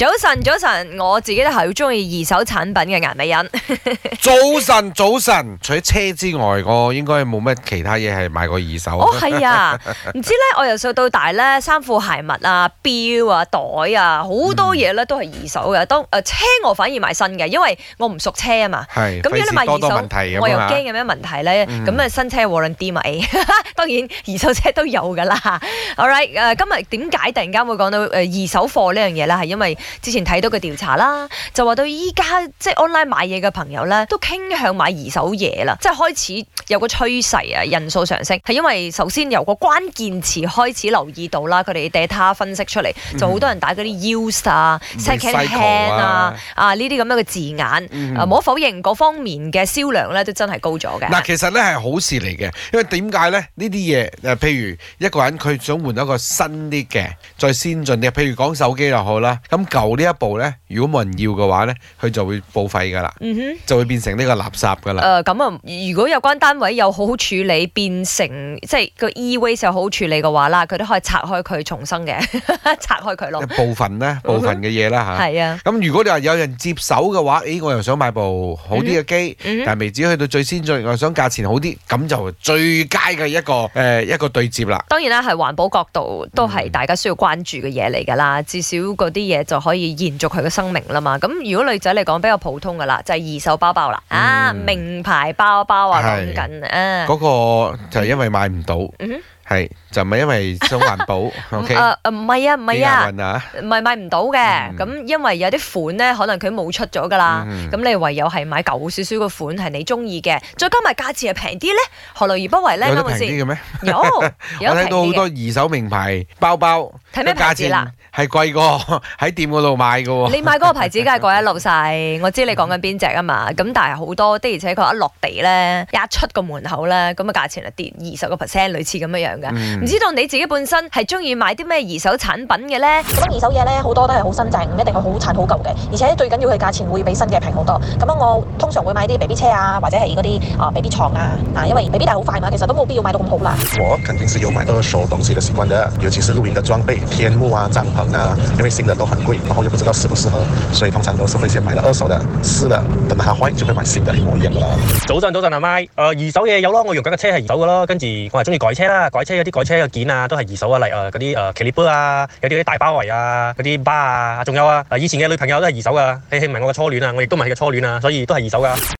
早晨，早晨，我自己都係好中意二手產品嘅顏美人。 早晨，早晨，除咗車之外，我應該冇乜其他嘢係買過二手。我係啊，唔知咧，我由細到大咧，衫褲鞋襪啊、表啊、袋啊，好多嘢咧都係二手嘅。嗯、當誒車我反而買新嘅，因為我唔熟車啊嘛。咁是如果你買二手，多多問題我又驚有咩問題咧？咁啊、嗯，那新車無論啲咪？ 當然二手車都有噶啦。All right，誒、啊，今日點解突然間會講到誒二手貨呢樣嘢咧？係因為之前睇到嘅調查啦，就話到而家即係 online 買嘢嘅朋友呢，都傾向買二手嘢嘞，即係開始。有個趨勢啊，人數上升係因為首先由個關鍵詞開始留意到啦，佢哋 data 分析出嚟、嗯、就好多人打嗰啲 use 啊、second hand 啊啊呢啲咁樣嘅字眼，唔好、嗯啊、否認嗰方面嘅銷量咧都真係高咗嘅。嗱，其實咧係好事嚟嘅，因為點解咧呢啲嘢誒？譬如一個人佢想換一個新啲嘅、再先進啲嘅，譬如講手機又好啦，咁舊呢一部咧，如果冇人要嘅話咧，佢就會報廢㗎啦，嗯、哼就會變成呢個垃圾㗎啦。誒咁啊，如果有關單位有好好處理變成即係個 e-waste 好處理嘅話啦，佢都可以拆開佢重生嘅， 拆開佢咯。部分咧，部分嘅嘢啦嚇。係啊。咁、mm hmm. 如果你話有人接手嘅話，誒、哎、我又想買部好啲嘅機，mm hmm. 但係未至於去到最先進，我又想價錢好啲，咁、mm hmm. 就最佳嘅一個誒、呃、一個對接啦。當然啦，係環保角度都係大家需要關注嘅嘢嚟㗎啦。Mm hmm. 至少嗰啲嘢就可以延續佢嘅生命啦嘛。咁如果女仔嚟講比較普通㗎啦，就係、是、二手包包啦，mm hmm. 啊名牌包包啊咁緊。嗰、嗯啊、個就係因為買唔到，係、嗯、哼就唔、是、係因為想環保 ，OK？唔係啊唔係啊，唔係、啊啊、買唔到嘅。咁、嗯、因為有啲款咧，可能佢冇出咗噶啦。咁、嗯、你唯有係買舊少少嘅款係你中意嘅，再加埋價錢係平啲咧，何樂而不為咧？有平啲嘅咩？我睇到好多二手名牌包包價錢，睇咩牌子啦？是貴過喺店嗰度買的、哦、 你買嗰個牌子梗係貴一粒細， 我知道你講緊邊隻啊嘛。咁但是好多的，而且佢一落地呢，一出個門口呢，咁價錢就跌二十個 percent，類似這樣的嘅。唔、嗯、知道你自己本身是鍾意買啲咩二手產品嘅呢，咁啊二手嘢呢，好多都是好新淨，就唔一定係好殘好舊嘅。而且最緊要的價錢會比新嘅平好多。咁我通常會買啲 BB 車啊，或者係嗰啲啊 BB 床啊，因為 BB 大好快嘛，其實都冇必要買到咁好啦。我肯定是有買二手東西的習慣的，尤其是露營的裝備，天幕啊，帳篷。啊，因為新的都很貴，然後又不知道適不適合，所以通常都是會先買咗二手嘅試啦，等到佢壞就會買新的一模一樣啦。早晨早晨阿麥，誒、呃，二手嘢有咯，我用緊嘅車係二手噶咯，跟住我係中意改車啦，改車有啲改車嘅件啊，都係二手啊，例如誒嗰啲誒 caliper 啊，有啲大包圍啊，嗰啲 bar 啊，仲有啊，以前嘅女朋友都係二手啊，嘿嘿，唔係我嘅初戀啊，我亦都唔係佢嘅初戀啊，所以都係二手噶。